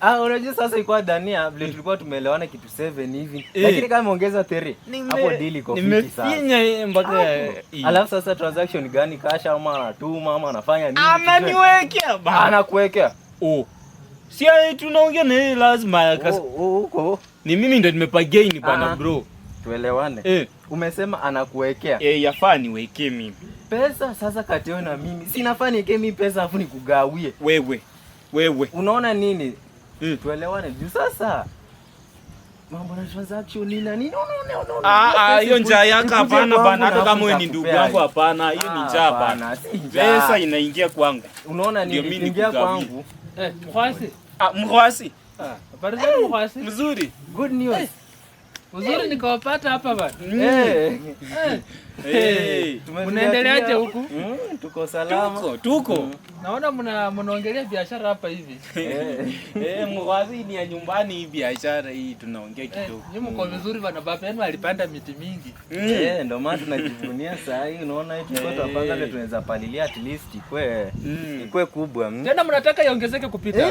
Ah, unajua tulikuwa tumeelewana kitu 7 hivi, eh. lakini kama ongeza 3 hapo deal iko fiti ah. Alafu sasa transaction gani kasha ama anatuma ama anafanya nini? Ananiwekea bana, anakuwekea oh. Si tunaongea na yeye lazima. Huko oh, oh, oh, ni mimi ndio nimepagia ni bana bro, tuelewane eh. Umesema anakuwekea e, yafaa niwekee mimi pesa. Sasa kati yao na mimi sinafaa niwekee mimi pesa afu nikugawie wewe. Wewe unaona nini? mm. Tuelewane juu sasa mambo na transaction ni nani? No, no, no, no. Ah, ah, hiyo njaa yako hapana bana, hata kama wewe ni ndugu yangu hapana, hiyo ni ah, njaa bana. Pesa inaingia kwangu, unaona nini? Inaingia kwangu. Eh, mkwasi. Ah, mkwasi. Ah, habari za mkwasi? Mzuri. Good news. Hey. Eh. Uzuri nikawapata hapa bana. Mm. Mm. Eh. Eh. Eh. Unaendeleaje huku? Mm, tuko salama. Tuko, tuko. Naona mna mnaongelea biashara hapa hivi. Eh, eh, mwazi ni ya nyumbani hii biashara hii tunaongea eh, kidogo. Ni mko vizuri bana baba yenu alipanda miti mingi. Hmm. Eh, ndio maana tunajivunia saa hii unaona hii tuko tunapanga eh. leo tunaweza palilia at least ikwe hmm. ikwe kubwa. Hmm. Tena mnataka iongezeke kupita.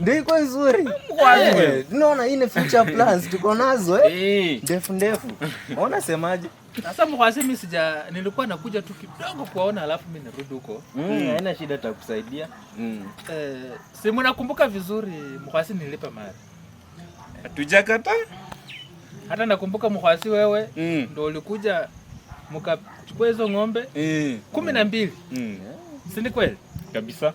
Ndio iko nzuri. Mwazi. Unaona hii ni future plans tuko nazo eh. Ndefu ndefu. Unaona semaje? Sasa mkwasi mimi sija nilikuwa nakuja tu kidogo kuwaona alafu mimi narudi huko. Mm, eh, haina shida takusaidia. Mm. Eh, si mnakumbuka vizuri mkwasi nilipa mali. Hatujakata? Hata nakumbuka mkwasi wewe mm. Ndio ulikuja mkachukua hizo ng'ombe mm. kumi na mbili mm. Si ni kweli? Kabisa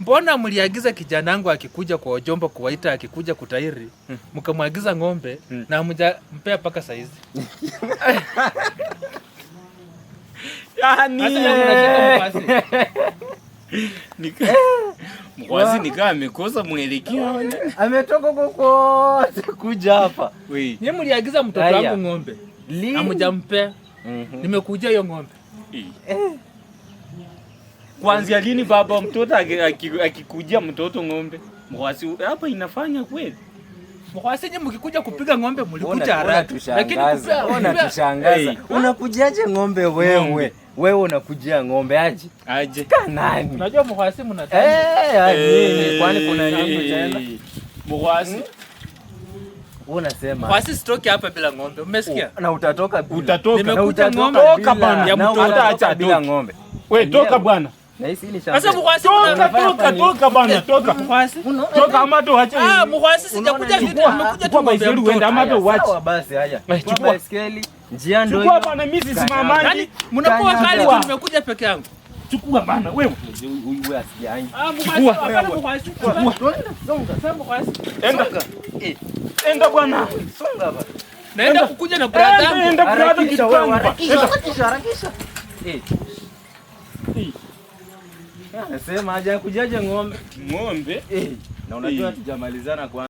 mbona mliagiza wangu akikuja kwa Ojombo kuwaita akikuja kutairi hmm. mkamwagiza ng'ombe hmm. na mjampea mpaka saizi mkwazi nikaa amekosa mwelekeo, ametoka kokote kuja hapa. ni mliagiza mtoto wangu ng'ombe amujampea, mhm. nimekuja hiyo ng'ombe eh. Kuanzia lini baba mtoto akikujia mtoto ng'ombe mwasi hapa inafanya kweli? Mwasenye mkikuja kupiga ng'ombe mlikuta haraka. Lakini ona tushangaza. Unakujaje ng'ombe wewe? Wewe unakujia ng'ombe aje? Aje. Kanani? Unajua mwasi mnataka. Eh, aje. Kwani kuna nini tena? Mwasi. Unasema. Mwasi sitoki hapa bila ng'ombe. Umesikia? Na utatoka bila. Utatoka. Nimekuja ng'ombe. Toka bana. Ya mtoto acha bila ng'ombe. Wewe toka bwana. Nimekuja peke yangu. Chukua bana wewe. Huyu Enda. bwana. Songa baba. Naenda kukuja na brada Enda brada kitu. Harakisha harakisha. Eh. eh. Nasema haja kujaje ng'ombe ng'ombe eh, na unajua eh. tujamalizana kwa